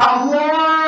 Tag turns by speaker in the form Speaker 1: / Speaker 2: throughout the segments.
Speaker 1: الله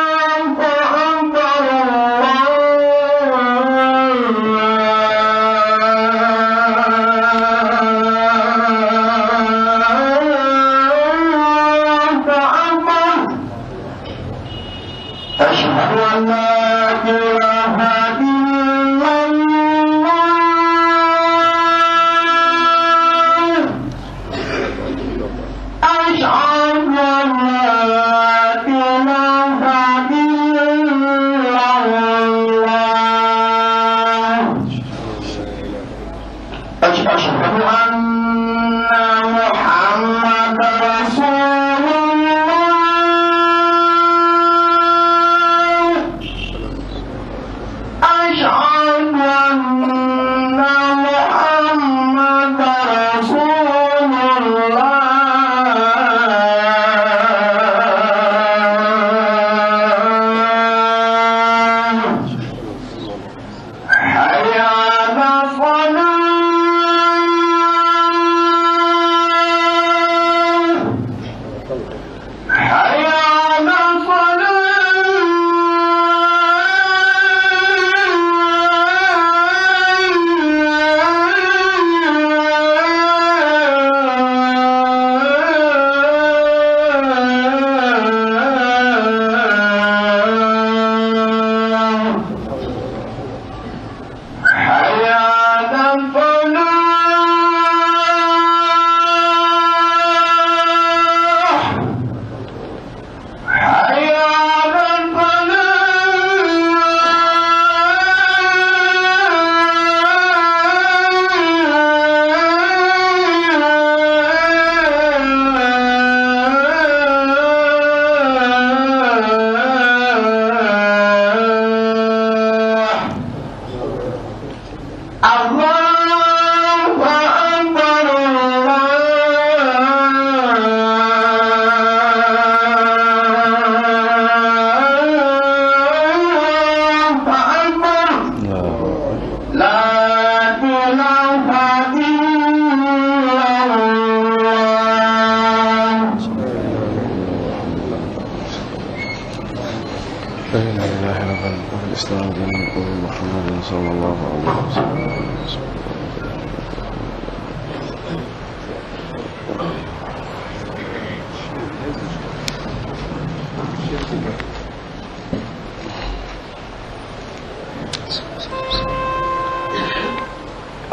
Speaker 1: وفي الإسلام دين قول محمد صلى الله عليه وسلم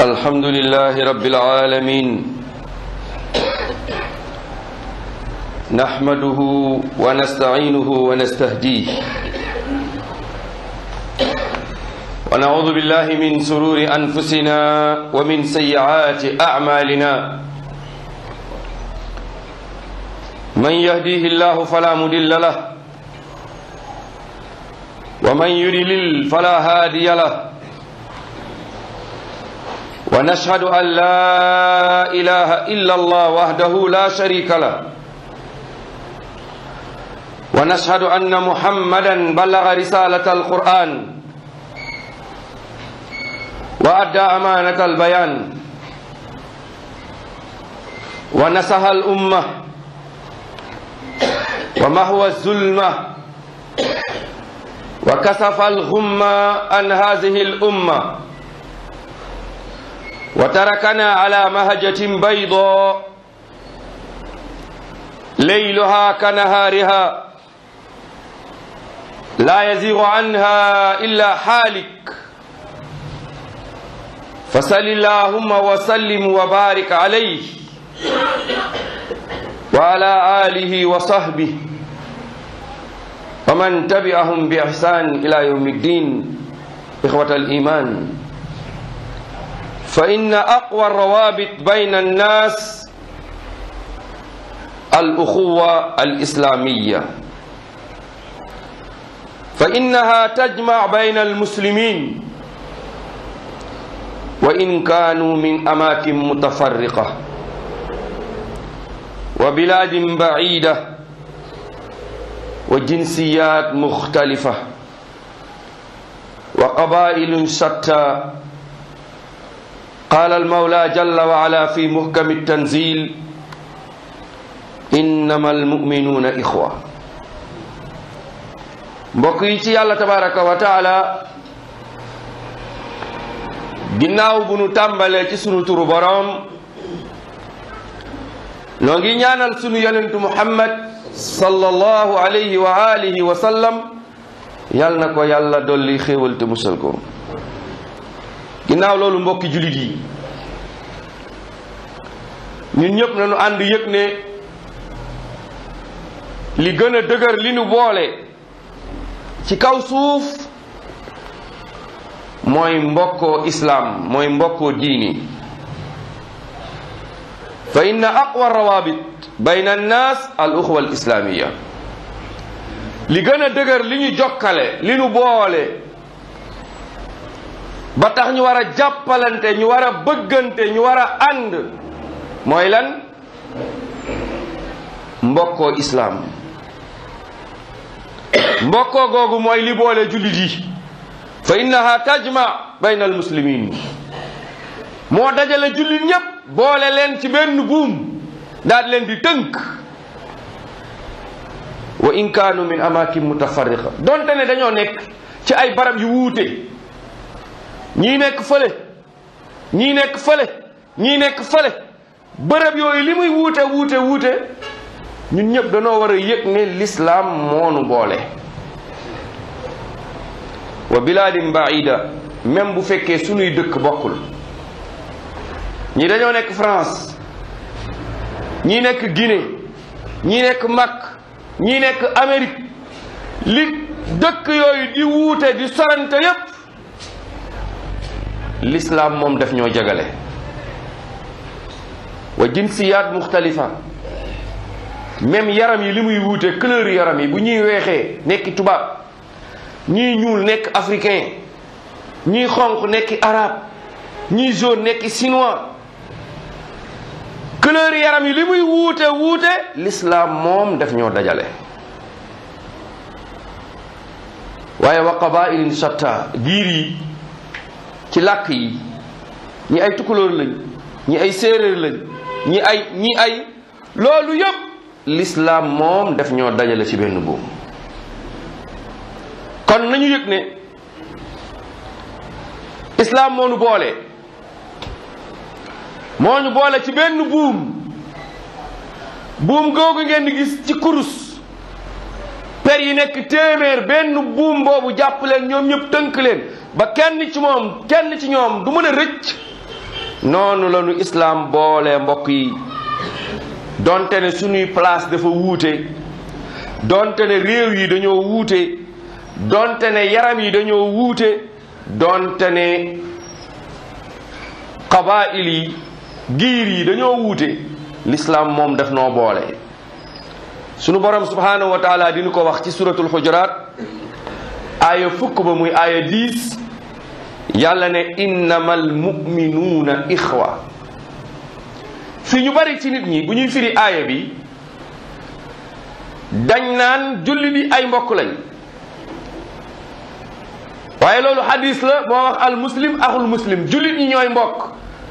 Speaker 2: الحمد لله رب العالمين نحمده ونستعينه ونستهديه ونعوذ بالله من سرور أنفسنا ومن سيئات أعمالنا من يهديه الله فلا مضل له ومن يضلل فلا هادي له ونشهد أن لا إله إلا الله وحده لا شريك له ونشهد أن محمدا بلغ رسالة القرآن wa adda amaanata albayaan wa nasaha al umma wa mahwa zulma wa kasafa al xumma an haadihi al umma wa tarakana ala mahajatin bayda layluha ka nahaariha laa yaziigu anha illa haalik fa salli llahumma wa sallim wa barik alayhi wa ala alihi wa sahbihi wa man tabi'ahum bi ihsan ila yawmi ddin ikhwata al-iman fa inna aqwa ar-rawabit bayna an-nas al-ukhuwa al-islamiyya fa innaha tajma' bayna al-muslimin wa in kaanu min amaakin mutafarriqa wa bilaadin baciida wa jinsiyaat muxtalifa wa qabaa'ilun shatta qaala almawla jalla wa ala fi muhkami tanzil innama almuminuuna ixwa mbokk yi ci yàlla tabaraka wa taala ginnaaw bu nu tàmbalee ci sunu turu boroom noo ngi ñaanal sunu yonentu muhammad sallallahu alayhi wa alihi wa sallam yal na ko yàlla dolli xéewal te musal ko ginnaaw loolu mbokki jullit yi ñun ñëpp nañu ànd yëg ne li gëna a dëgër li nu boole ci kaw suuf mooy mbokkoo islaam mooy mbokkoo diini fa inna aqwa rawabit bayna annaas al uxwa al islaamiya li gën a dëgër liñu jokkale li ñu boole ba tax ñu war a jàppalante ñu war a bëggante ñu war a ànd mooy lan mbokkoo islaam mbokkoo googu mooy li boole jullit yi fa innaha tajma bayna al muslimin moo dajale jullit ñépp boole leen ci benn buum daal leen di tënk wa in kaanu min amakin mutafarriqa donte ne dañoo nekk ci ay barab yu wuute ñii nekk fële ñii nekk fële ñii nekk fële bërëb yooyu li muy wuute wuute wuute ñun ñëpp danoo war a yëg ne lislaam moonu boole wa bilaadin baida même bu fekkee sunuy dëkk bokkul ñi dañoo nekk France ñi nekk Guinée ñi nekk Mak ñi nekk Amérique li dëkk yooyu di wuute di sorante yépp l'islam moom def ñoo jagale wa jinsiyaat muxtalifa même yaram yi li muy wuute couleur yaram yi bu ñuy weexee nekki tubaab ñii ñuul nekk africain ñii xonq nekk arabe ñii jaune nekk chinois couleur yaram yi li muy wuute wuute lislaam moom def ñoo dajale waaye wa qabailin shatta giir yi ci làkk yi ñi ay tukulóor lañ ñi ay séeréer lañ ñi ay ñi ay loolu yëpp l'islam moom def ñoo dajale ci benn buum kon nañu yëg ne islaam moo nu boole moo ñu boole ci benn buum buum googu ngeen di gis ci kurus per yi nekk téeméer benn buum boobu jàpp leen ñoom ñëpp tënk leen ba kenn ci moom kenn ci ñoom du mën a rëcc noonu la ñu islaam boole mbokk yi donte ne suñuy place dafa wuute donte ne réew yi dañoo wuute donte ne yaram yi dañoo wuute donte ne qabaa'il yi giir yi dañoo wuute lislaam moom daf noo boole sunu borom subhanahu wa taala ko wax ci suratul xujuraat aaya fukk ba muy aaya dix yàlla ne innamal muminuuna ixwa fi ñu bari ci nit ñi bu ñuy firi aaya bi dañ naan julli bi ay mbokk lañ waaye loolu hadis la moo wax al axul muslim jullit ñi ñooy mbokk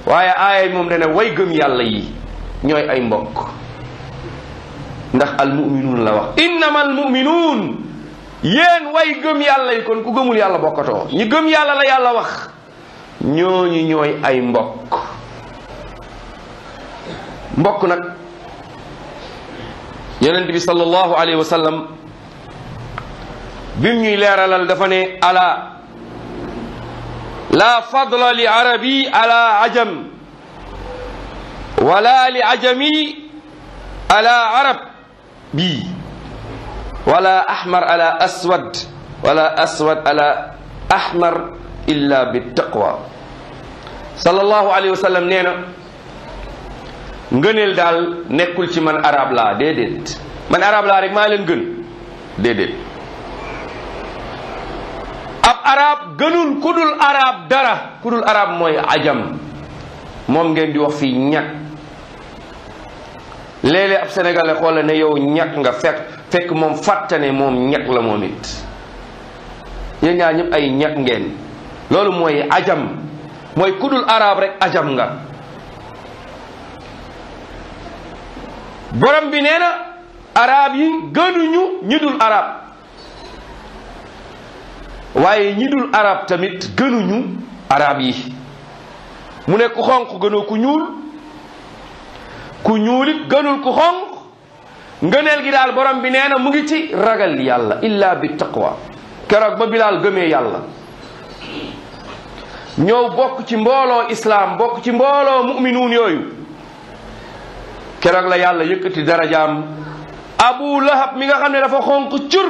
Speaker 2: waaye aaya moom dana way gëm yàlla yi ñooy ay mbokk ndax al muminuun la wax innama al muminuun way gëm yàlla yi kon ku gëmul yàlla bokkatoo ñi gëm yàlla la yàlla wax ñooñu ñooy ay mbokk mbokk nag yonent bi sallallahu alayhi laa fadla li arabi ala ajam wala li ajami ala arab bi wala ahmar ala aswad wala aswad ala ahmar illa bi taqwa sallallahu alayhi wa sallam nee na ngëneel daal nekkul ci man arab laa déedéet man arab laa rek maa leen gën déedéet ab arab gënul ku dul dara ku dul arab mooy ajam moom ngeen di wax fii ñag léeg-léeg ab sénégalais xoola ne yow ñag nga fekk fekk moom fàttane moom ñag la moom it yéen ñaar ñëpp ay ñag ngeen loolu mooy ajam mooy ku dul arab ajam nga borom bi nee na arab yi gënuñu ñi dul arab waaye ñi dul arab tamit gënuñu araab yi mu ne ku xonq gënoo ku ñuul ku ñuulit gënul ku xonq ngëneel gi daal borom bi nee na mu ngi ci ragal yàlla illa bi taqwa keroog ba bilaal gëmee yàlla ñëw bokk ci mbooloo islaam bokk ci mbooloo muminuun yooyu keroog la yàlla yëkkati darajaam abu lahab mi nga xam ne dafa xonq cur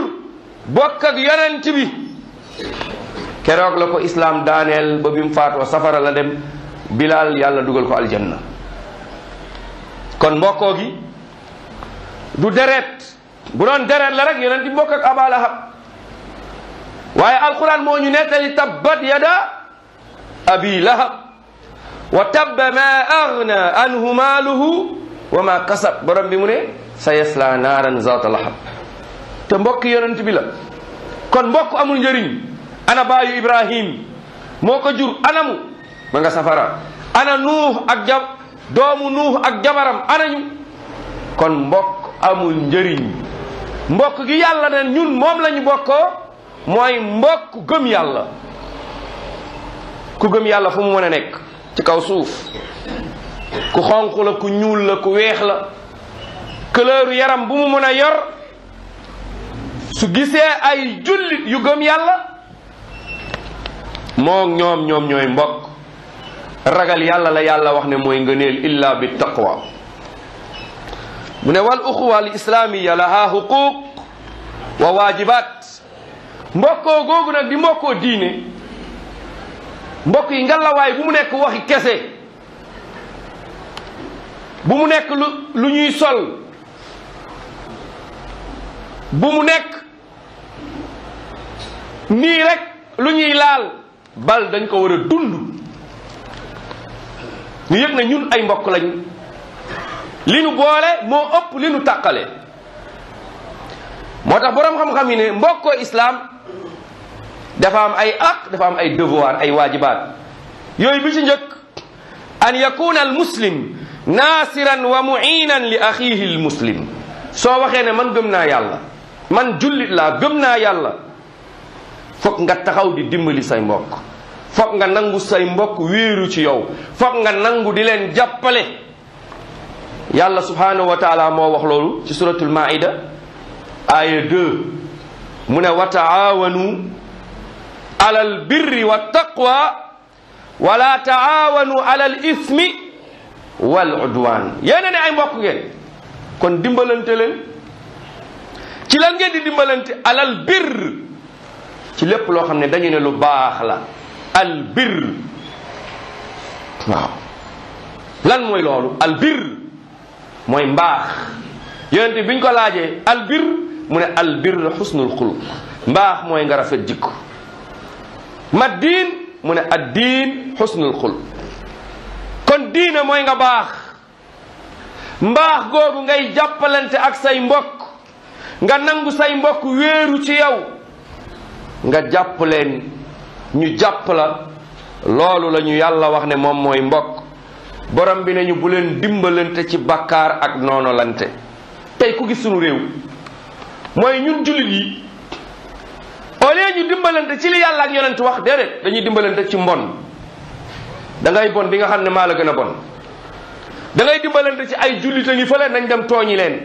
Speaker 2: bokk ak yonent bi keroog la ko islaam daaneel ba bi mu faatoo safara la dem bilaal yàlla dugal ko aljanna kon mbokkoo gi du deret bu doon deret la rek yonent di mbokk Abaa Lahab waaye alquran moo ñu nettali tabbat yada abi lahab wa tabba ma agna anhu maaluhu wa ma kasab borom bi mu ne sa yasla naaran zaata lahab te mbokki yonent bi la kon mbokk amul njëriñ ana baayu ibrahim moo ko jur anamu ma nga safara ana nuux ak jab doomu nuux ak jabaram anañu kon mbokk amul njëriñ mbokk gi yàlla ne ñun moom lañu bokkoo mooy mbokk gëm yàlla ku gëm yàlla fu mu mën a nekk ci kaw suuf ku xonq la ku ñuul la ku weex la këlëru yaram bu mu mën a yor su gisee ay jullit yu gëm yàlla moo ñoom ñooy mbokk ragal yàlla la yàlla wax ne mooy ngëneel illa bi taqwa mu ne wal uxuwa al islaamiya laha xuquq wa waajibaat mbokkoo googu nag di mbokkoo diine mbokk yi ngalawaay bu mu nekk waxi kese bu mu nekk lu ñuy sol bu mu nekk nii rek lu ñuy laal bal dañ ko war a dund ñu yëg ne ñun ay mbokk lañ li nu boole moo ëpp li nu tàqale moo tax boroom xam-xam yi ne mbokkoo islaam dafa am ay aq dafa am ay devoir ay waajibaat yooyu bi ci njëkk an yakuna al muslim naasiran wa muinan li axiihi al soo waxee ne man gëm naa yàlla man jullit laa gëm naa yàlla foog nga taxaw di dimbali say mbokk foog nga nangu say mbokk wéeru ci yow foog nga nangu di leen jàppale yàlla subhanahu moo wax loolu ci suratul maida aya 2 mu ne wa taawanu alal birri wa taqwa wala taawanu alal ismi wal udwan yéena ay mbokk ngeen kon dimbalante ci lan ngeen di dimbalante alal birr ci lépp loo xam ne dañu ne lu baax la albir waaw lan mooy loolu albir mooy mbaax yonent biñ ko laajee albir mu ne albir xusnul xuluq mbaax mooy nga rafet jikko ma diin mu ne ad diin xusnul xuluq kon diina mooy nga baax mbaax googu ngay jàppalante ak say mbokk nga nangu say mbokk weeru ci yow nga jàpp leen ñu jàpp la loolu lañu yàlla wax ne moom mooy mbokk borom bi ne ñu bu leen dimbalante ci bakkaar ak noonalante tey ku gis sunu réew mooy ñun jullit yi au lieu ñu dimbalante ci li yàlla ak yonent wax déedéet dañuy dimbalante ci mbon da bon bi nga xam ne maa la gën a bon dangay ngay dimbalante ci ay jullit a ngi fële nañ dem tooñi leen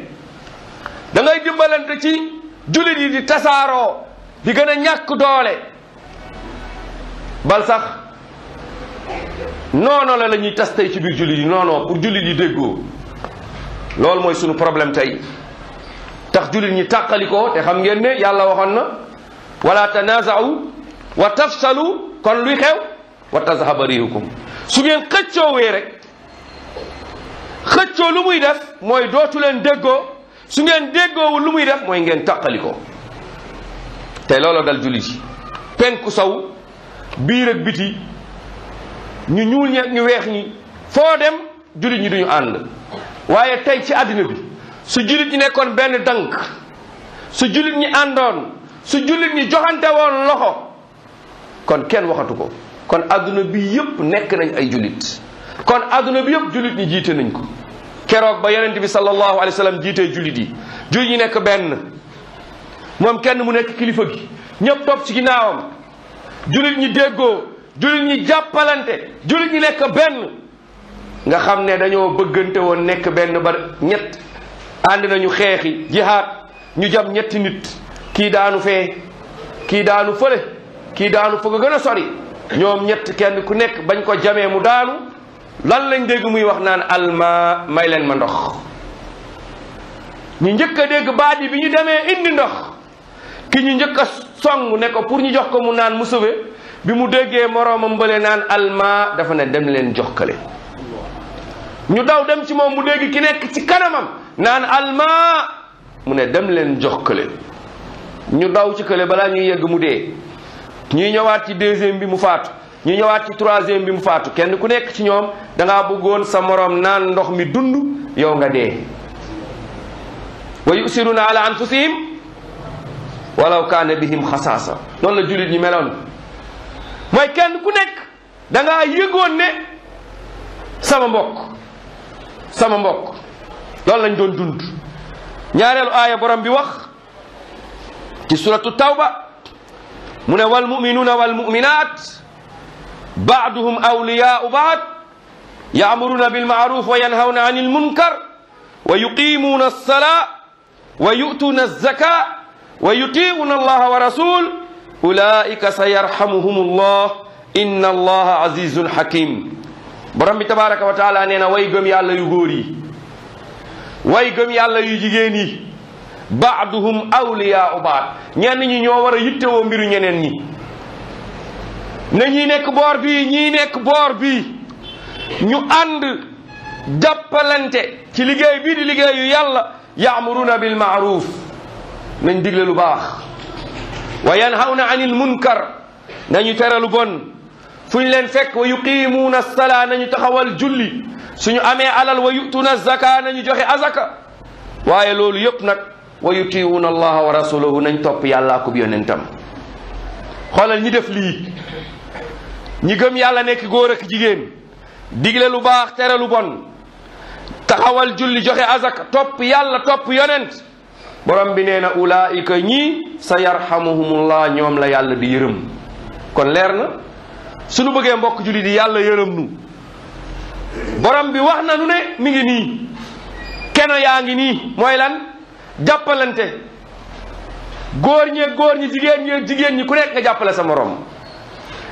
Speaker 2: dangay ngay dimbalante ci jullit yi di tasaaroo di gën a ñàkk doole bal sax noono la la ñuy tas tey ci biir jullit yi noono pour jullit yi déggoo loolu mooy sunu problème tey tax jullit ñi tàqalikoo te xam ngeen ne yàlla waxoon na wala tanaaza'u wa tafsalu kon luy xew wa tazhaba riihukum su ngeen xëccoowee rek xëccoo lu muy def mooy dootu leen déggoo su ngeen déggoowul lu muy def mooy ngeen tàqalikoo te looloo dal jullit yi penku sow biir ak biti ñu ñuul ñi ñu weex ñi foo dem jullit ñi duñu ànd waaye tey ci àddina bi su jullit ñi nekkoon benn dànk su jullit ñi àndoon su jullit ñi joxante woon loxo kon kenn waxatu ko kon àdduna bi yëpp nekk nañ ay jullit kon àdduna bi yëpp jullit ñi jiite nañ ko keroog ba yonent bi sallallahu alayhi wa sallam jiitee jullit yi jullit ñi nekk benn moom kenn mu nekk kilifa gi ñépp topp ci ginnaawam jullit ñi déggoo jullit ñi jàppalante jullit ñi nekk benn nga xam ne dañoo bëggante woon nekk benn ba ñett ànd nañu xeexi jihaad ñu jam ñetti nit kii daanu fee kii daanu fële kii daanu fa ko gën a sori ñoom ñett kenn ku nekk bañ ko jamee mu daanu lan lañ dégg muy wax naan alma may leen ma ndox ñu njëkk a dégg baat yi bi ñu demee indi ndox ki ñu njëkk a song ne ko pour ñu jox ko mu naan mu sëwe bi mu déggee moroomam bële naan alma dafa ne dem leen jox kale ñu daw dem ci moom mu dégg ki nekk ci kanamam naan alma mu ne dem leen jox kale ñu daw ci kële balaa ñuy yegg mu dee ñuy ñëwaat ci deuxième bi mu faatu ñu ñëwaat ci troisième bi mu faatu kenn ku nekk ci ñoom dangaa bëggoon sa moroom naan ndox mi dund yow nga dee wa yusiruna ala anfusihim walaw kaana bihim xasaasa noonu la jullit ñi meloon mooy kenn ku nekk da ngaa yëgoon ne sama mbokk sama mbokk loolu lañ doon dund ñaareelu aaya borom bi wax ci suratu tawba mu ne wal muminuuna wal muminaat baaduhum awliyaau baad yaamuruuna bilmaaruf wa yanhawna an ilmunkar wa yuqimuuna alsalaa wa yu'tuuna alzaka wa yutii'uuna allaha wa rasul ulaika sa yarhamuhum allah inna allaha azizun hakim borom bi tabaraka wa taala nee na way gëm yàlla yu góor yi way gëm yàlla yu jigéen yi baaduhum awliyaau baad ñenn ñi ñoo war a yittewoo mbiru ñeneen ñi na ñi nekk boor bii ñii nekk boor bii ñu ànd jàppalante ci liggéey bii di liggéeyu yàlla ya'muruna bil ma'ruf nañ digle lu baax wa yanhawna an munkar nañu tere lu bon fuñ leen fekk wa yuqimuuna salaa nañu taxawal julli suñu amee alal wa yutuuna zaka nañu joxe azaka waaye loolu yëpp nag wa yutiwuuna allaha wa rasulahu nañ topp yàllaa kub yonentam xoolal ñi def lii ñi gëm yàlla nekk góor ak jigéen digle lu baax tere lu bon taxawal julli joxe azaka topp yàlla topp yonent borom bi nee na ulaayika ñii sa yarhamuhumullah ñoom la yàlla di yërëm kon leer na suñu bëggee mbokk julli di yàlla yërëm borom bi wax na nu ne mi ngi nii keno yaa ngi nii mooy lan jàppalante góor ñeeg góor ñi jigéen jigéen ñi ku nekk nga jàppale sa morom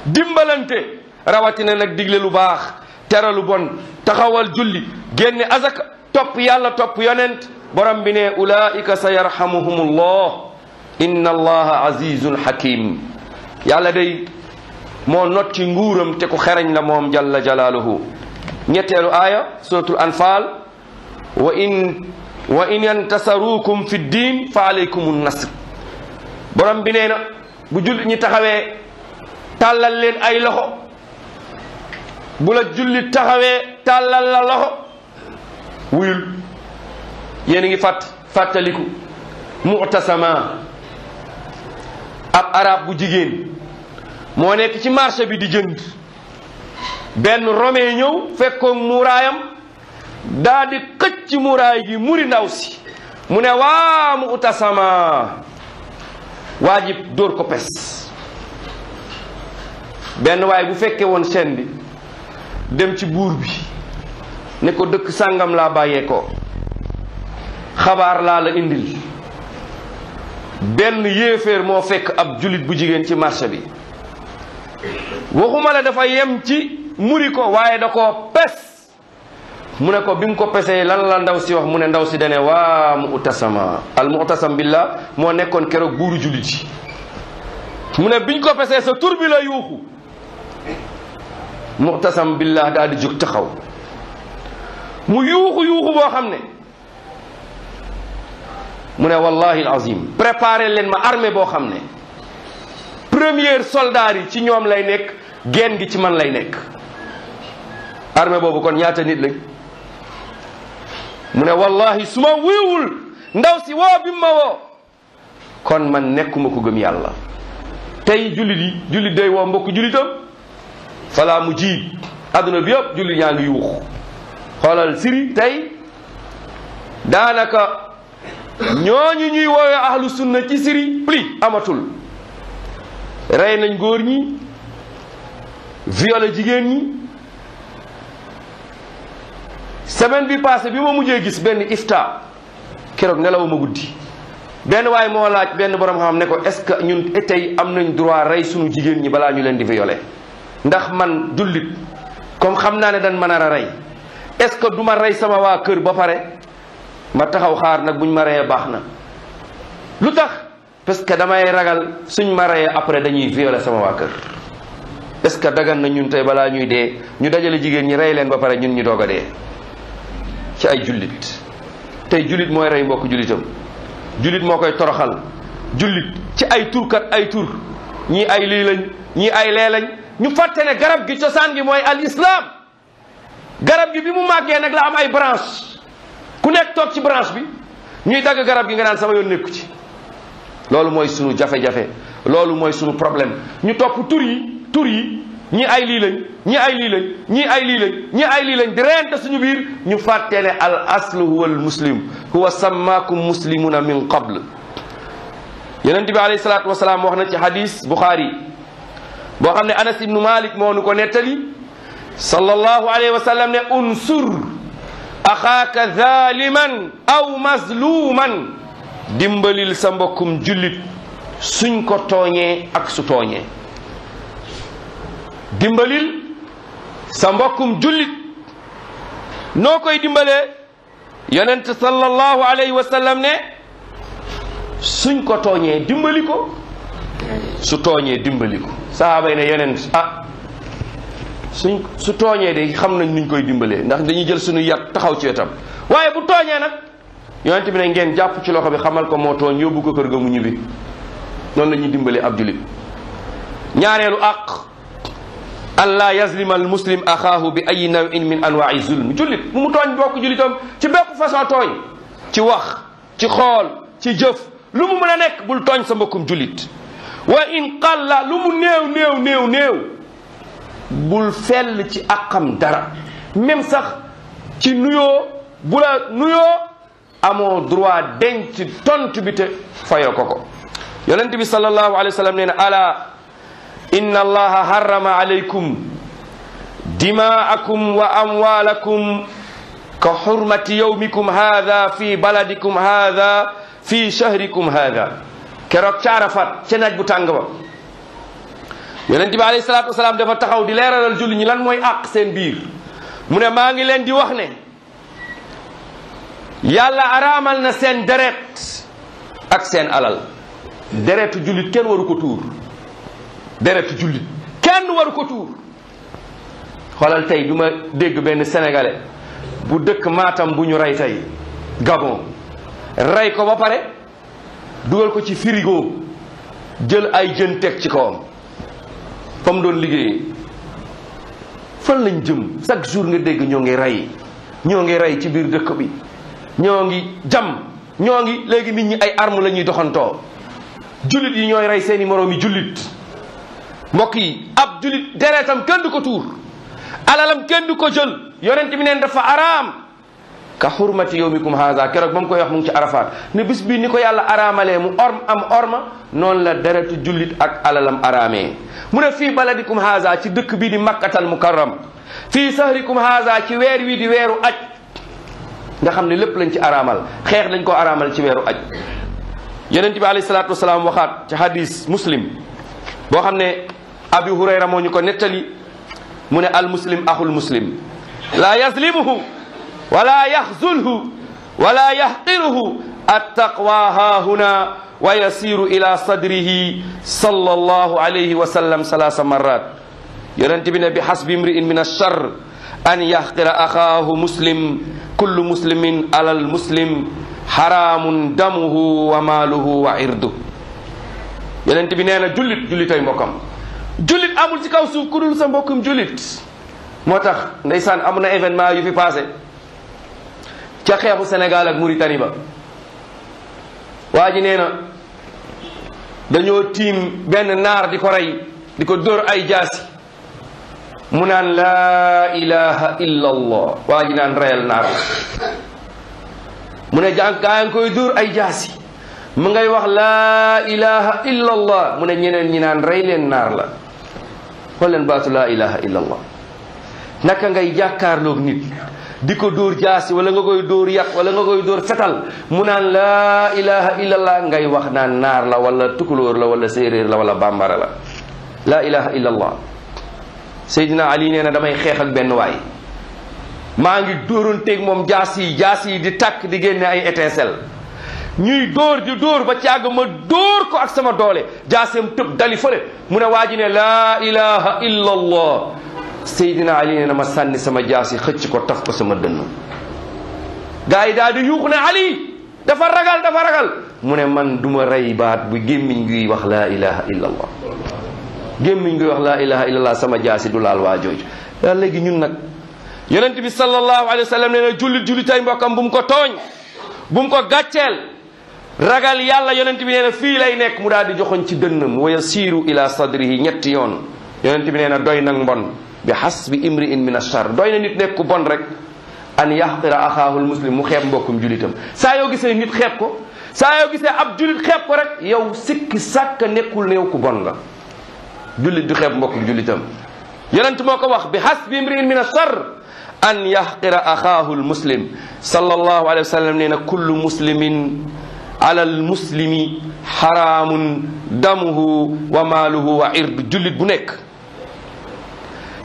Speaker 2: dimbalante rawatina nag digle lu baax teralu bon taxawal julli génne azaka topp yàlla topp yonent borom bi ne ulaika sa yarhamuhumullah inna allaha azizun hakim yàlla day moo not ci nguuram te ku xereñ la moom jalla jalaaluhu ñetteelu aaya suratul anfal wa in wa in yantasarukum fi ddin fa alaykum nasr borom bi bu jullit ñi taxawee tàllal leen ay loxo bu la jullit taxawee tàllal la loxo wuyul yéen a ngi fàtt fàttaliku mu'tasama ab araab bu jigéen moo nekk ci marché bi di jënd benn romain ñëw fekkoon muraayam daa di ci muuraay gi muri ndaw si mu ne waa mu'tasama waajib dóor ko pes benn waaye bu fekkee woon seen bi dem ci buur bi ne ko dëkk sàngam laa bàyyee ko xabaar laa la indil benn yéeféer moo fekk ab jullit bu jigéen ci marché bi waxuma la dafa yem ci muri ko waaye da ko pes mu ne ko bi mu ko pesee lan la ndaw si wax mu ne ndaw si dane waa mu'tasama al mu'tasam billah moo nekkoon keroog buuru jullit yi mu ne biñ ko pesee sa tur bi la yuuxu mu'tasam billah daal di jóg taxaw mu yuuxu yuuxu boo xam ne mu ne wallahi azim préparé leen ma armée boo xam ne première soldat yi ci ñoom lay nekk genn gi ci man lay nekk armée boobu kon ñaata nit lañ mu ne wallahi su ma wuyuwul ndaw si woo bi ma woo kon man nekkuma ko gëm yàlla tey jullit yi jullit day woo mbokk jullitam falaa mu jiib adduna bi yëpp jullit ñaa ngi yuux xoolal siri tey daanaka ñooñu ñuy woowee ahlu sunna ci siri pli amatul rey nañ góor ñi violé jigéen ñi semaine bi passé bi ma mujjee gis benn ifta keroog nelawuma guddi benn waaye moo laaj benn borom xam ne ko est-ce que ñun tey am nañ droit rey sunu jigéen ñi balaa ñu leen di violé ndax man jullit comme xam naa ne dañ ma nar a rey est-ce que du ma rey sama waa kër ba pare ma taxaw xaar nag buñ ma reyee baax na lu tax parce que damay ragal suñ ma reyee après dañuy violer sama waa kër est-ce que dagan na ñun tey balaa ñuy dee ñu dajale jigéen ñi rey leen ba pare ñun ñu doog a dee ci ay jullit tey jullit mooy rey mbokk jullitam jullit moo koy toroxal jullit ci ay turkat ay tur ñii ay liilañ ñii ay lee ñu fàtte ne garab gi cosaan gi mooy al islam garab gi bi mu màggee nag la am ay branche ku nekk toog ci branche bi ñuy dagg garab gi nga naan sama yoon nekku ci loolu mooy sunu jafe-jafe loolu mooy sunu problème ñu topp tur yi tur yi ñi ay lii lañ ñi ay lii ñi ay lii ñi ay lii lañ di rente suñu biir ñu fàttee ne al aslu huwa al muslim huwa sammaakum muslimuna min qabl yonent bi alayhi salaatu wasalaam wax na ci hadis Bukhari boo xam ne Anas ibnu Malik moo nu ko nettali sallallahu alayhi wa sallam ne unsur axaaka zaaliman aw mazluuman dimbalil sa mbokkum jullit suñ ko tooñee ak su tooñee dimbalil sa mbokkum jullit noo koy dimbale yonent sallallahu alayhi wa ne suñ ko tooñee dimbali ko su tooñee dimbali ko sahaaba yi yonent ah, suñ su tooñee de xam nañ nuñ koy dimbalee ndax dañuy jël suñu yat taxaw ci wetam waaye bu tooñee nag yonent bi ne ngeen jàpp ci loxo bi xamal ko moo tooñ yóbbu ko kër ga mu ñibbi noonu la ñuy ab julit ñaareelu àq an laa yazlima al muslim axaahu bi ay nawin min anwaai zulm jullit bu mu tooñ bokk jullitam ci bépp façon tooñ ci wax ci xool ci jëf lu mu mën tooñ sa mbokkum bul fell ci àqam dara même ci nuyoo bu la nuyoo amoo droit denc tontu bi te fayoo ko ko yonent bi sallallahu alayhi wa sallam nee na ala inna allaha harrama alaykum dima'akum wa amwalakum ka hurmati fi baladikum hadha fi shahrikum hadha keroog ca Arafat ca naaj yonent bi alayhi salaatu salaam dafa taxaw di leeralal julli ñi lan mooy àq seen biir mu ne maa ngi leen di wax ne yàlla araamal na seen deret ak seen alal deretu jullit kenn waru ko tuur deretu jullit waru ko tuur xoolal tey bi ma dégg benn sénégalais bu dëkk Matam bu ñu rey tey Gabon rey ko ba pare dugal ko ci frigo jël ay jën teg ci kawam fa mu doon liggéeyee fan lañ jëm chaque jour nga dégg ñoo ngi rey ñoo ngi rey ci biir dëkk bi ñoo ngi jam ñoo ngi léegi nit ñi ay arme la ñuy doxantoo jullit yi ñooy rey seeni moroom yi jullit mbokk yi ab jullit deretam kenn du ko tuur alalam kenn du ko jël yonent bi neen dafa araam ka xurmati yowmikum haada keroog ba mu koy wax mu ngi ci arafaat ne bis bii ni ko yàlla araamalee mu orm am orma noonu la deretu jullit ak alalam araamee mu ne fii baladikum haada ci dëkk bii di makkatal mukarram fii sahrikum haada ci weer wii di weeru aj nga xam ne lépp lañ ci araamal xeex dañ ko araamal ci weeru aj yonent bi alayhi salaatu wasalaam waxaat ci hadis muslim boo xam ne abi hurayra moo ñu ko nettali mu ne al muslim axul muslim la yazlimuhu wala yaxzulhu wala yaxqiruhu attaqwa haahuna wa yasiru ila sadrihi sallallahu alayhi wa sallam salaasa marat yonent bi ne bi xasbi mriin min alchar an yaxqira axaahu muslim kullu muslimin alal muslim xaraamun damuhu wa maaluhu wa irdu yonent bi nee na jullit jullitay mbokkam jullit amul ci kaw suuf ku dul sa mbokkum jullit moo tax ndeysaan amu na événement yu fi passé ca xeexu Sénégal ak Mauritanie ba waa ji nee na dañoo tiim benn naar di ko rey di ko dóor ay jaasi mu naan laa ilaha illa waa ji naan reyal naar mu ne jàng ngi koy dóor ay jaasi mu ngay wax laa ilaha mu ne ñeneen ñi naan rey leen naar la xool leen baatu laa ilaha illa allah naka ngay jàkkaarloog nit di ko dóor jaas yi wala nga koy dóor yàq wala nga koy dóor fetal mu naan laa ilaha illallah ngay wax naan naar la wala tukulóor la wala séeréer la wala bàmbara la laa ilaha illallah Seydina Ali nee na damay xeexal benn waay maa ngi dóoranteeg moom jaas yi jaas yi di tàkk di génne ay étincelle ñuy dóor di dóor ba càgg ma dóor ko ak sama doole jaaseem tëb dali fële mu ne waa ji ne laa ilaha Seydina Ali nee na ma sànni sama jaasi xëcc ko taf ko sama dënn gaa yi daal di yuux ne Ali dafa ragal dafa ragal mu ne man duma ma rey baat bu gémmiñ guy wax laa ilaha illa allah gémmiñ guy wax laa ilaha illa allah sama jaasi du laal waa jooju daa ñun nag yonent bi sallallahu alayhi wa sallam nee na jullit jullitay mbokkam bu mu ko tooñ bu mu ko gàcceel ragal yàlla yonent bi nee na fii lay nekk mu daal di joxoñ ci dënnam wa yasiiru ila sadrihi ñetti yoon yonent bi nee doy nag mbon bi hasbi imri'in min ashar doy na nit nekk ku bon rek an yahqira axaahul muslim mu xeeb mbokkum julitam saa yoo gisee nit xeeb ko saa yoo gisee ab julit xeeb ko rek yow sikki sàkk nekkul ne yow ku bon nga julit du xeeb mbokkum julitam yonent moo ko wax bi hasbi imri'in min ashar an yahqira axaahul muslim sallallahu alayhi wa sallam nee na kullu muslimin alal muslimi xaraamun damuhu wa maaluhu wa irdu jullit bu nekk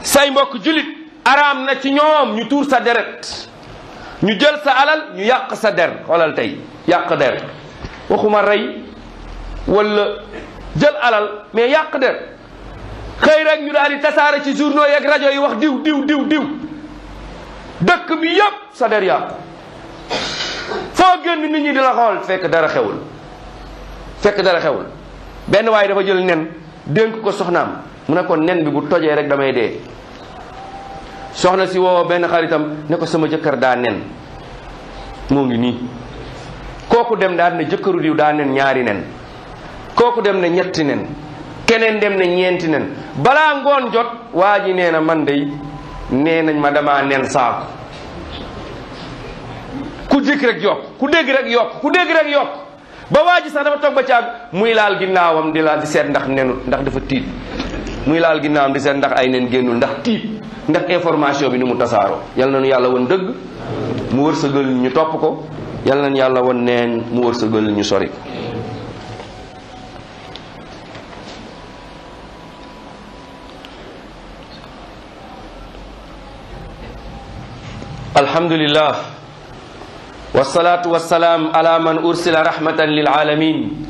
Speaker 2: say mbokk julit araam na ci ñoom ñu tuur sa deret ñu jël sa alal ñu yàq sa der xoolal tey yàq der waxuma rey wala jël alal mais yàq der xëy rek ñu daal di tasaare ci journaux yeeg rajo yi wax diw diw diw diw dëkk bi yëpp sa der yàqu foo génn nit ñi di la xool fekk dara xewul fekk dara xewul benn waaye dafa jël nen dénk ko soxnaam mu ne ko nen bi bu tojee rek damay dee soxna si woo benn xaritam ne ko sama jëkkër daa nen moo ngi nii kooku dem daal ne jëkkëru diw daa nen ñaari nen kooku dem ne ñetti nen keneen dem ne ñeenti nen balaa ngoon jot waa ji nee na man dey nee nañ ma damaa nen saako ku jëkk rek yokk ku dégg rek yokk ku dégg rek yokk ba waa ji sax dafa toog ba caag muy laal ginnaawam di laal di seet ndax nenu ndax dafa tiit muy laal ginnaawam di seen ndax ay nen génnul ndax tiit ndax information bi nu mu tasaaroo yal nañu yàlla woon dëgg mu wërsëgal ñu topp ko yal nañu yàlla woon neen mu wërsëgal ñu sori alhamdulillah wasalaatu wasalaam ala man ursila rahmatan lil alamin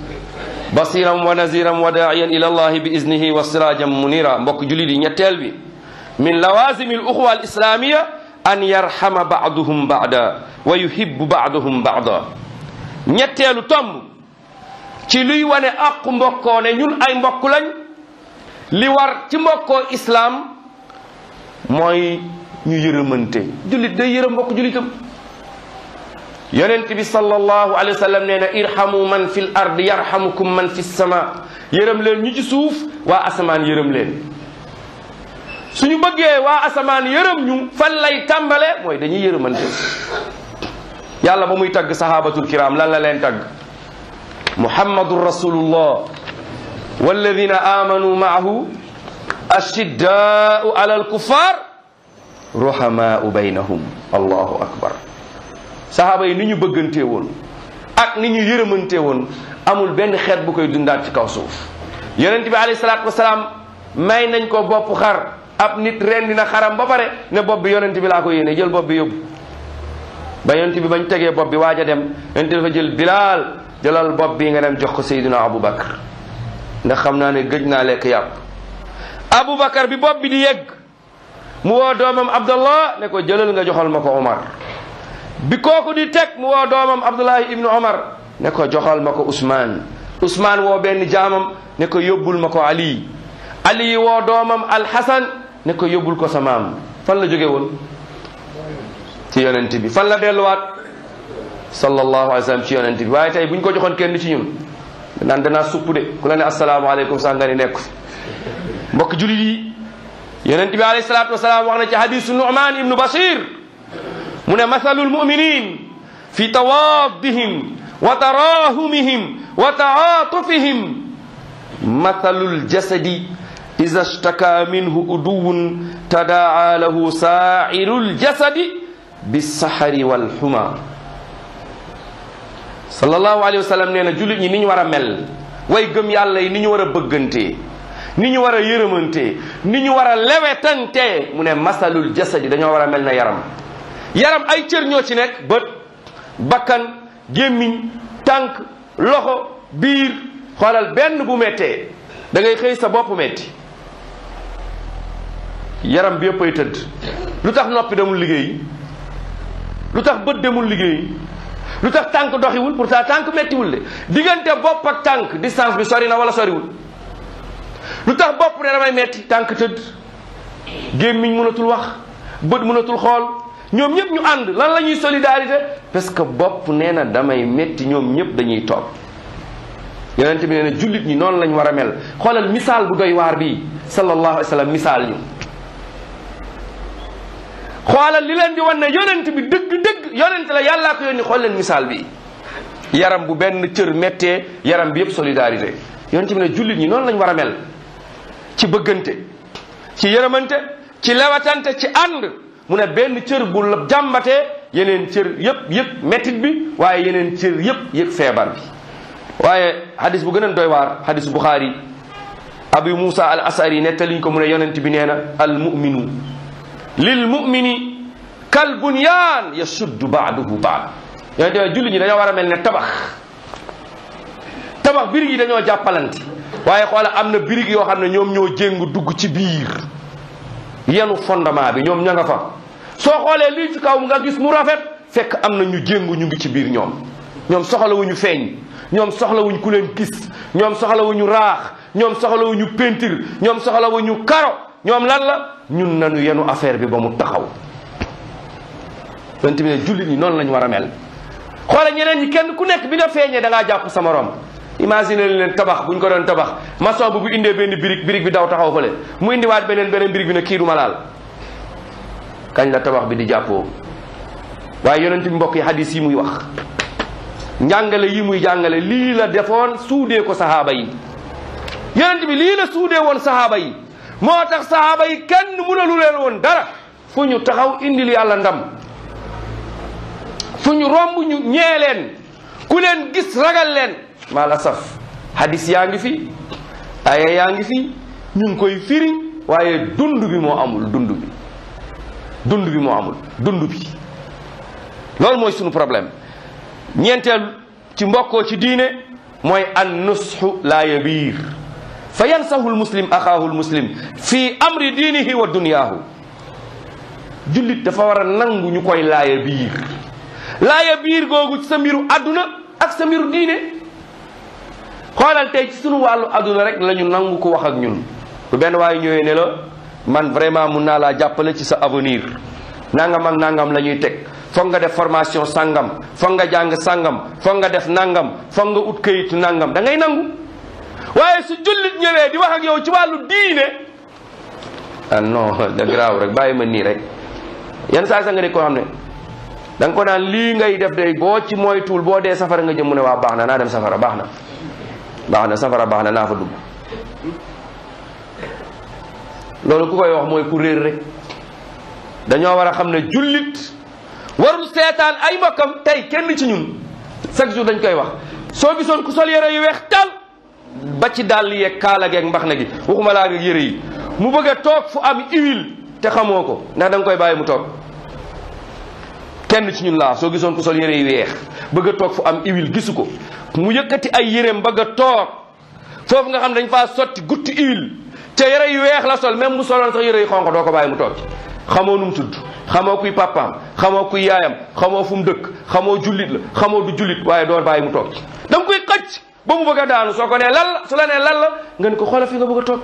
Speaker 2: basiran wa naziran wa daa'iyan ila allahi bi iznihi wa sirajan munira mbokk julit yi ñetteel bi min lawazimi al uxwa al islamiya an yarhama baaduhum baada wa yuhibbu baaduhum baada ñetteelu tomb ci luy wane aqu mbokkoo ne ñun ay mbokk lañ li war ci mbokkoo islaam mooy ñu yërëmante jullit day yërëm mbokk jullitam yonent bi sallallahu alayhi wa sallam nee na irhamu man fil ard yarhamukum man fis sama yërëm leen ñi ci suuf waa asamaan yërëm leen suñu bëggee waa asamaan yërëm ñu fan lay tàmbale mooy dañuy yërëmante yàlla ba muy tagg sahabatul kiram lan la leen tagg muhammadun rasulullah walladina amanu maahu ashiddaau ala alkuffar ruhamaau baynahum allahu akbar saxaaba yi ni ñu bëggantee woon ak ni ñu yërëmantee woon amul benn xeet bu koy dundaat ci kaw suuf yonent bi alayhi salaatu wasalaam may nañ ko bopp xar ab nit rendi na xaram ba pare ne bopp bi yonent bi laa ko yéene jël bopp bi yóbbu ba yonent bi bañ tegee bopp bi waaj a dem yonent dafa jël bilaal jëlal bopp bi nga dem jox ko Seydina Aboubacar nga xam naa ne gëj naa lekk yàpp bakar bi bopp bi di yegg mu woo doomam Abdallah ne ko jëlal nga joxal ma ko Omar bi kooku di teg mu woo doomam Abdullahi ibnu Omar ne ko joxal ma ko Ousmane Ousmane woo benn jaamam ne ko yóbbul ma ko Ali Ali woo doomam Alxasan ne ko yóbbul ko sa maam fan la jóge ci yonent bi fan la delluwaat sallallahu alayhi ci yonent bi waaye tey bu ñu ko joxoon kenn ci ñun naan danaa supp de ku la ne asalaamaaleykum sax nga ni nekk mbokk jullit yi yonent bi alayhi salaatu wax na ci hadisu Nu'man ibnu Bashir mu ne masalul muminin fi tawaddihim wa tarahumihim wa taatufihim masalul jasadi ida shtaka minhu uduwun tadaa lahu sairul jasadi bisahari walxuma sallallahu alayhi wa sallam nee na jullit ñi ni ñu war a mel way gëm yàlla yi ni ñu war a bëggante ni ñu war a yërëmante ni ñu war a lewetante mu ne masalul jasadi dañoo war a mel na yaram yaram ay cër ñoo ci nekk bët bakkan gémmiñ tànk loxo biir xoolal benn bu mettee da ngay xëy sa bopp metti yaram bi yëpp ay tëdd lu tax noppi demul liggéey lu tax bët demul liggéey lu tax tànk doxiwul taa tànk méttiwul de diggante bopp ak tànk distance bi sori na wala soriwul lu tax bopp ne damay metti tànk tëdd gémmiñ mënatul wax bët mënatul xool ñoom ñëpp ñu ànd lan la ñuy solidarité parce que bopp nee na damay métti ñoom ñëpp dañuy toog yonente bi nee na jullit ñi noonu lañ war a mel xoolal misaal bu doy waar bi sallallahu alayhi wa sallam misaal ñu xoolal li leen di wan ne yonent bi dëgg-dëgg yonent la yàllaa ko yónni xool leen misaal bi yaram bu benn cër méttee yaram bi yëpp solidarité yonent bi ne jullit ñi noonu lañ war a mel ci bëggante ci yërëmante ci lewatante ci ànd mu ne benn cër bu la jàmbatee yeneen cër yëpp yëg mettit bi waaye yeneen cër yëpp yëg feebar bi waaye hadis bu gën a doy waar hadis Buxaari Abu Musa al Asari nettaliñ ko mu ne yonent bi nee na al muminu lil mumini kal bunyaan yasuddu baaduhu baad yonent bi julli ñi dañoo war a mel ne tabax tabax birig yi dañoo jàppalante waaye xoola am na birig yoo xam ne ñoom ñoo jéngu dugg ci biir yenu fondement bi ñoom ña nga fa soo xoolee lii ci kaw nga gis mu rafet fekk am na ñu jéngu ñu ngi ci biir ñoom ñoom soxlawuñu feeñ ñoom soxlawuñ ku leen gis ñoom soxlawuñu raax ñoom soxlawuñu peinture ñoom soxlawuñu karo ñoom lan la ñun nañu yenu affaire bi ba mu taxaw yonent bi jullit ñi noon lañ war a mel xoole ñeneen ñi kenn ku nekk bi nga feeñee da ngaa jàpp sa morom imagine leen tabax bu ñu ko doon tabax maçon bu bu benn birig birig bi daw taxaw fële mu indiwaat beneen beneen birig bi ne kii du ma laal kañ la tabax bi di jàppoo waaye yonent bi mbokk yi hadis yi muy wax njàngale yi muy jàngale lii la defoon suudee ko saxaaba yi yonent bi lii la suudee woon sahaaba yi moo tax sahaaba yi kenn mënalu leen woon dara fu ñu taxaw indil yàlla ndam fu ñu romb ñu ñee leen ku leen gis ragal leen maa la saf hadis yaa ngi fi aya yaa ngi fi ñu ngi koy firi waaye dund bi moo amul dund bi dund bi moo amul dund bi loolu mooy suñu problème ñeenteel ci mbokkoo ci diine mooy an nusxu laa yabiir fa yansahu lmuslim axaahu lmuslim fii amri diinihi wa dunyaahu jullit dafa war a nangu ñu koy laaya biir laaya biir googu ci sa mbiru àdduna ak sa mbiru diine xoolal tey ci wàllu àdduna rek lañu nangu ko wax ak ñun bu benn waaye ñëwee ne man vraiment mun naa laa jàppale ci sa avenir nangam ak nangam lañuy teg foog nga def formation sàngam foog nga jàng sàngam foog nga def nangam foog nga ut këyit nangam da ngay nangu waaye su jullit ñëwee di wax ak yow ci wàllu diine ah non da graaw rek bàyyi ma nii rek yan saa sa nga koo xam ne da ko naan lii ngay def day boo ci tuul boo dee safara nga jëm mu ne waa baax na naa dem safara baax na baax na safara baax na naa fa dugg loolu ku koy wax mooy ku réer rek dañoo war a xam ne jullit warul seetaan ay mbokkam tey kenn ci ñun chaque jour dañ koy wax soo gisoon ku sol yére yu weex tal ba ci dàll yeeg kaala geeg mbax gi waxuma laa yére yi mu bëgg a toog fu am huile te xamoo ko ndax da koy bàyyi mu toog kenn ci ñun laa soo gisoon sol yére yu weex bëgg toog fu am huile gisu ko mu yëkkati ay yéreem bëgg a toog foofu nga xam dañ faa sotti gutti huile ca yére yu weex la sol même bu soloon sax yére yu xonq doo ko bàyyi mu toog ci xamoo nu mu tudd xamoo kuy papaam xamoo kuy yaayam xamoo fu mu dëkk xamoo jullit la xamoo du jullit waaye doo bàyyi mu toog ci koy xëcc ba mu bëgg a daanu soo ko nee lan la su la nee lan la nga ne ko xoolal fi nga bëgg a toog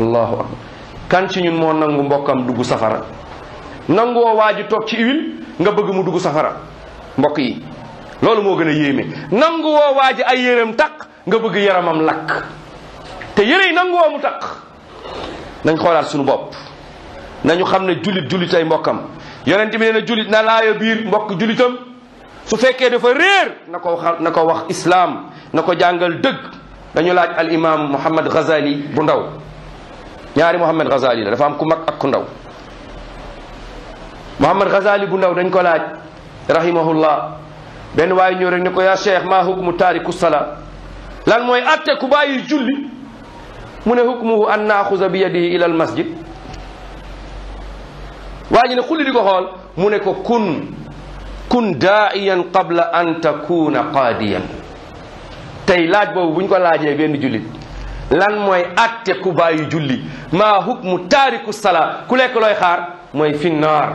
Speaker 2: allahu akbar kan ci ñun dugg safara nanguwoo waa ji toog ci huile nga bëgg mu dugg safara mbokk yi loolu moo gën a yéeme nanguwoo waa ji ay yéreem takk nga bëgg yaramam lakk te yére yi nanguwoo mu takk nañ xoolaat suñu bopp nañu xam ne jullit jullit ay mbokkam yonent bi nee na jullit na laaya biir mbokk jullitam su fekkee dafa réer na ko na ko wax islaam na ko jàngal dëgg dañu laaj al imam Muhammad Ghazali bu ndaw ñaari Muhammad Ghazali la dafa am ku mag ak ku ndaw Muhammad Ghazali bu ndaw dañ ko laaj rahimahullah benn waaye ñëw rek ne ko yaa cheikh maa hukmu taariku sala lan mooy atte ku bàyyi julli mu ne hukmuhu an naaxuza bi yadihi ila al masjid waa ji ne xulli di ko xool mu ne ko kun kun daaiyan qabla an takuna qaadiyan tey laaj boobu bu ñu ko laajee benn jullit lan mooy atte ku bàyyi julli maa hukmu taariku salaa ku lekk looy xaar mooy finnaar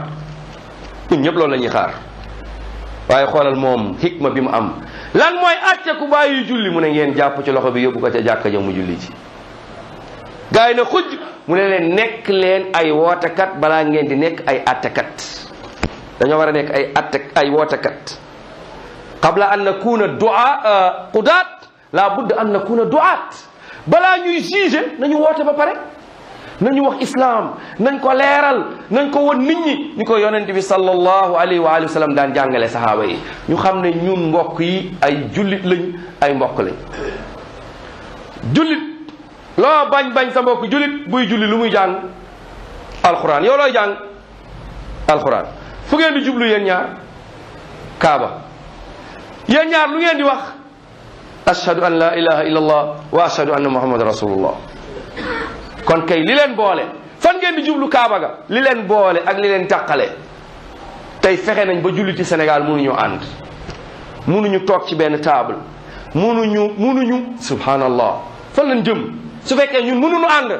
Speaker 2: ñun ñëpp lool la ñuy xaar waaye xoolal moom xikma bi mu am lan mooy atte ku bàyyi julli mu ne ngeen jàpp ci loxo bi yóbbu ko jàkk jàkka ja mu julli ci gaa yi ne xujj mu ne leen nekk leen ay wootekat balaa ngeen di nekk ay attekat dañoo war a nekk ay atte ay wootekat qabla an nakuna du'a euh, qudaat la budda an nakuna du'aat balaa ñuy juger nañu woote ba pare nañu wax islaam nañ ko leeral nañ ko won nit ñu ko yonent bi sallallahu alayhi wa alihi wa sallam daan jàngale sahaaba yi ñu xam ne ñun mbokk yi ay jullit lañ ay mbokk lañ jullit loo bañ bañ sa mbokk julit buy julli lu muy jàng alxuraan yow looy jàng alxuraan fu ngeen di jublu yéen ñaar kaaba yéen ñaar lu ngeen di wax ashhadu an la ilaha illa allah wa ashhadu anna muhammadan rasulullah kon kay li leen boole fan ngeen di jublu kaaba ga li leen boole ak li leen tàqale tey fexe nañ ba julliti Sénégal mënuñu ànd ñu toog ci benn table mënuñu mënuñu subhanallah fan lañ jëm su fekkee ñun mënuñu ànd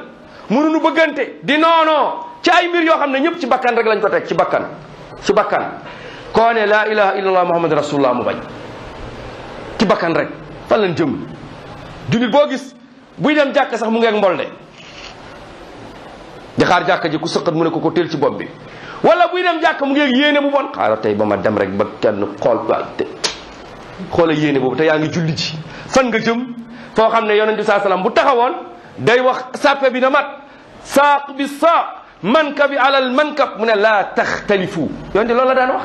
Speaker 2: mënuñu bëggante di noonoo ci ay mbir yoo xam ne ñëpp ci bakkan rek lañ ko teg ci bakkan ci bakkan koo ne laa ilaha illallah muhammad mu bañ ci bakkan rek fan lañ jëm jullit boo gis buy dem jàkk sax mu ngeeg mbol de di xaar jàkk ji ku sëqat mu ne ko ko teel ci bopp bi walla buy dem jàkk mu ngeeg yéene bu bon xaaral tey ba ma dem rek ba kenn xool waay te xoola yéene boobu te yaa ngi julli ji fan nga jëm foo xam ne yonent bi saa salaam bu taxawoon day wax sàppe bi na mat saaq bi saaq manka bi alal mankab mu ne laa tax taxtalifu yonte loolu la daan wax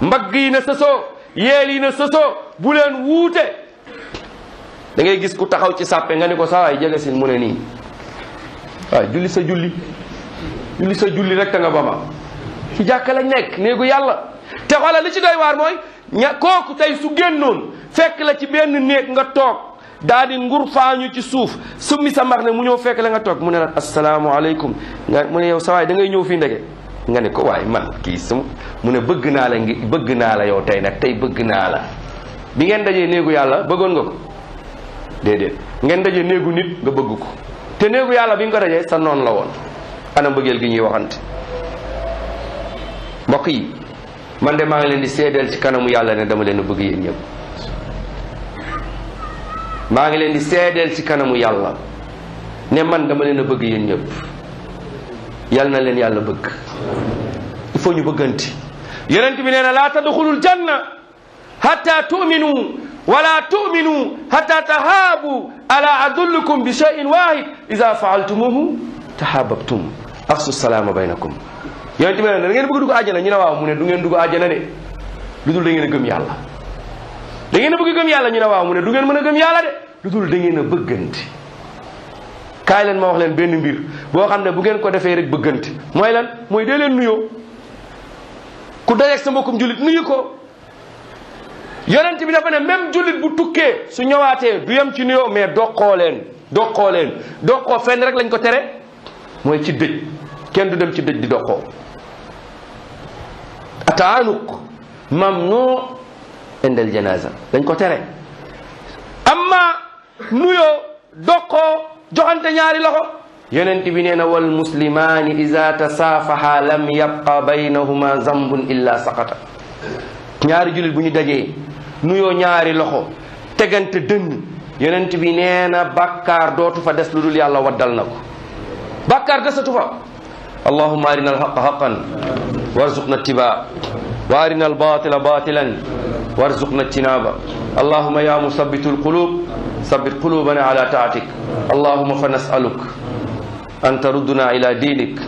Speaker 2: mbagg yi na sësoo yeel yi na sësoo bu leen wuute dangay gis ku taxaw ci sàppe nga ni ko saawaay jege sin mu ne nii waaye julli sa julli julli sa julli rek ta nga bama ci jàkka lañ nekk néegu yàlla te xoolal li ci doy waar mooy kooku tey su génnoon fekk la ci benn néeg nga toog daa di ngurfaañu ci suuf summi sa mbax ne mu ñëw fekk la nga toog mu ne la asalaamaaleykum nga mu ne yow sawaay da ngay ñëw fii ndege nga ne ko waaye man kii sum mu ne bëgg naa la ngi bëgg naa la yow tey nag tey bëgg naa la bi ngeen dajee néegu yàlla bëggoon nga ko ngeen dajee néegu nit nga bëgg ko te néegu yàlla bi nga ko dajee sa noon la woon ana mbëggeel gi ñuy waxante mbokk yi man de maa ngi leen di seedeel ci kanamu yàlla ne dama leen bëgg yéen ñëpp maa ngi leen di seedeel ci kanamu yàlla ne man dama leen a bëgg yéen ñëpp yal na leen yàlla bëgg il faut ñu bëgganti yonent bi nee na laa tadxulul janna hatta tu'minu wala tu'minu hatta tahaabu ala adullukum bi shay'in wahid ida faaltumuhu tahaababtum afsu salaama baynakum yonent bi nee na da ngeen bëgg dugg àjjana ñu ne waaw mu ne du ngeen dugg àjjana de lu dul da ngeen gëm yàlla da ngeen a bëgg gëm yàlla ñu ne waaw mu ne du ngeen mën a gëm yàlla de lu dul da ngeen a bëggante kaay leen ma wax leen benn mbir boo xam ne bu ngeen ko defee rek bëggante mooy lan mooy dee leen nuyoo ku dajeeg sa mbokkum jullit nuyu ko yonent bi dafa ne même jullit bu tukkee su ñowaatee du yem ci nuyoo mais doqoo leen doqoo leen doqoo fenn rek lañ ko tere mooy ci dëj kenn du dem ci dëj di doqoo ataanuq mam noo indal janaza dañ ko tere amma nuyoo doqoo joxante ñaari loxo yonent bi nee na wal muslimaani iza tasaafaha lam yabqa baynahuma zambun illa saqata ñaari jullit bu ñu dajee nuyoo ñaari loxo tegante dënn yonent bi nee na bàkkaar des lu dul yàlla waddal na ko bàkkaar desatu fa arina alxaqa xaqan warzuqna ittibaa wa arina batilan warzuqna ijtinaba allahuma ya musabitu alqulub sabit qulubana ala taatik allahuma fa nasaluk an tarudduna ila dinik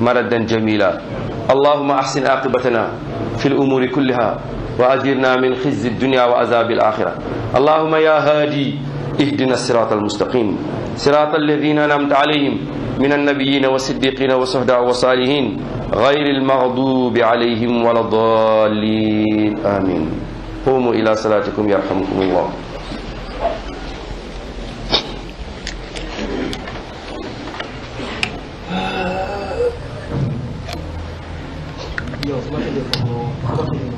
Speaker 2: maradan jamila allahuma ahsin aqibatana fi lumuri kulliha wa ajirna min xizyi dunia wa azabi alaxira allahuma ya haadi ihdina sirata almustaqim sirata alladina anamta alayhim min annabiyina wa siddiqina wa sohda wa salihin غير المغضوب عليهم ولا الضالين آمين qumu ila salatikum yarhamukumullah Dios, no te